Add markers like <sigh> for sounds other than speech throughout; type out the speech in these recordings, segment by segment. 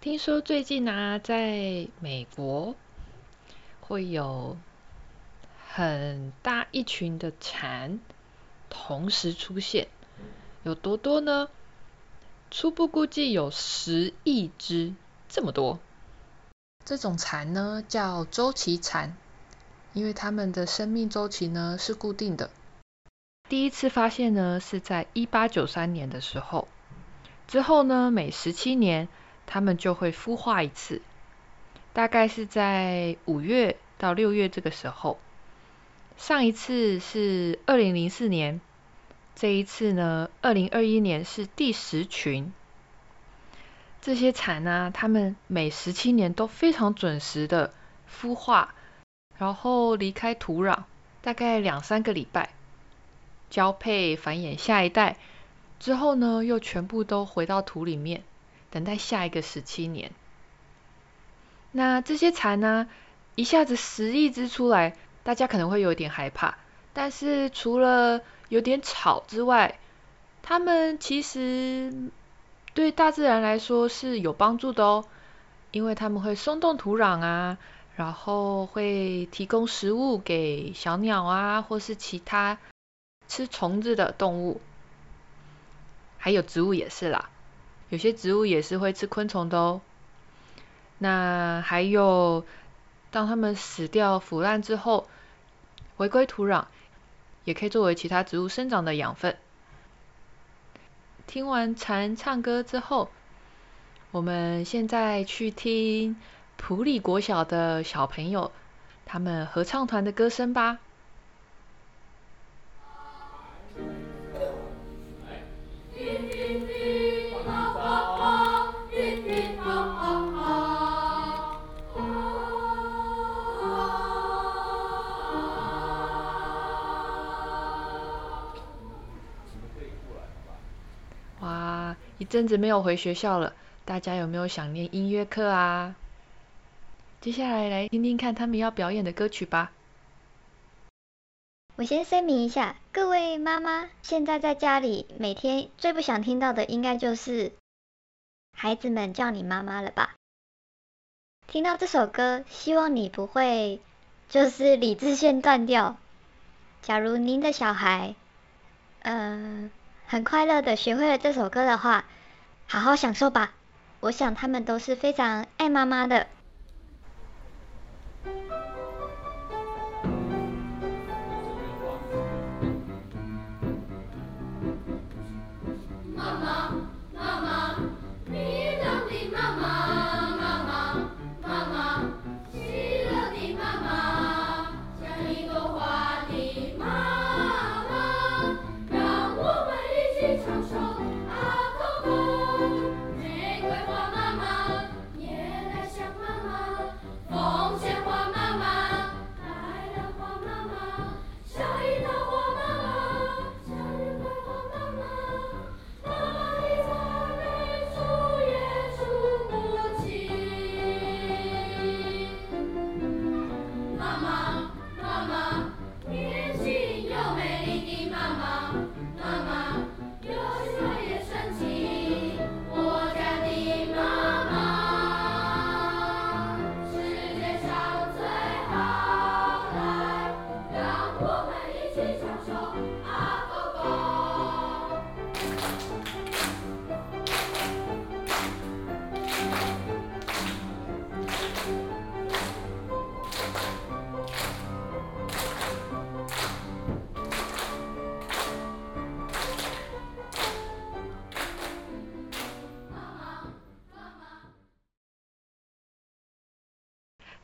聽說最近呢，在美國會有很大一群的蟬同時出現，有多多呢？初步估計有十億隻，這麼多。這種蟬呢，叫周期蟬，因為它們的生命周期呢是固定的。第一次發現呢是在一八九三年的時候，之後呢每十七年。他們就會孵化一次，大概是在五月到六月這個時候。上一次是二零零四年，這一次呢，二零二一年是第十群。這些蟬呢、啊，他們每十七年都非常準時的孵化，然後離開土壤，大概兩三個禮拜，交配繁衍，下一代，之後呢，又全部都回到土裡面。等待下一個十七年。那這些蟬呢、啊，一下子十億隻出來，大家可能會有點害怕。但是除了有點吵之外，它們其實對大自然來說是有幫助的哦，因為它們會鬆動土壤啊，然後會提供食物給小鳥啊，或是其他吃蟲子的動物，還有植物也是啦。有些植物也是會吃昆蟲的哦。那還有，當它們死掉腐爛之後，回歸土壤，也可以作為其他植物生長的養分。聽完蟬唱歌之後，我們現在去聽埔里國小的小朋友他們合唱團的歌聲吧。一陣子沒有回學校了，大家有沒有想念音樂課啊？接下來來聽聽看他們要表演的歌曲吧。我先聲明一下，各位媽媽，現在在家裡每天最不想聽到的，應該就是孩子們叫你媽媽了吧？聽到這首歌，希望你不會就是理智線斷掉。假如您的小孩嗯、呃，很快樂地學會了這首歌的話，好好享受吧，我想他們都是非常愛媽媽的。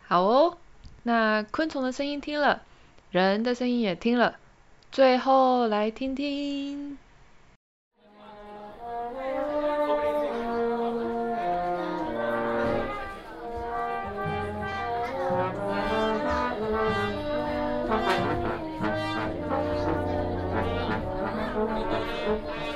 好哦，那昆蟲的聲音聽了，人的聲音也聽了，最後來聽聽。 <noise>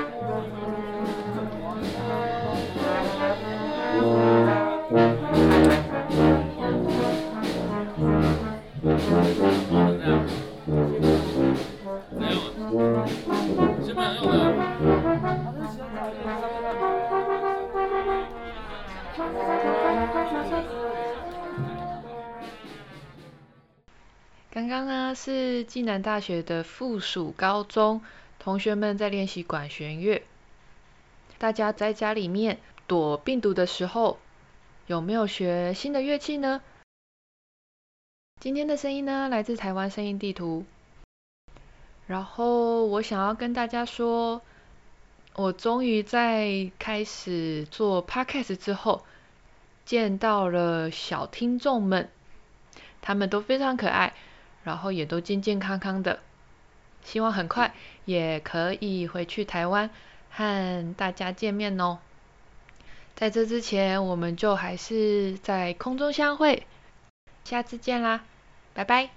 剛剛呢是暨南大學的附屬高中同學們在練習管弦樂。大家在家裡面躲病毒的時候，有沒有學新的樂器呢？今天的聲音呢來自台灣聲音地圖。然後我想要跟大家說，我終於在開始做 podcast 之後，見到了小聽眾們，他們都非常可愛。然後也都健健康康的，希望很快也可以回去台灣和大家見面哦。在這之前，我們就還是在空中相會，下次見啦，拜拜。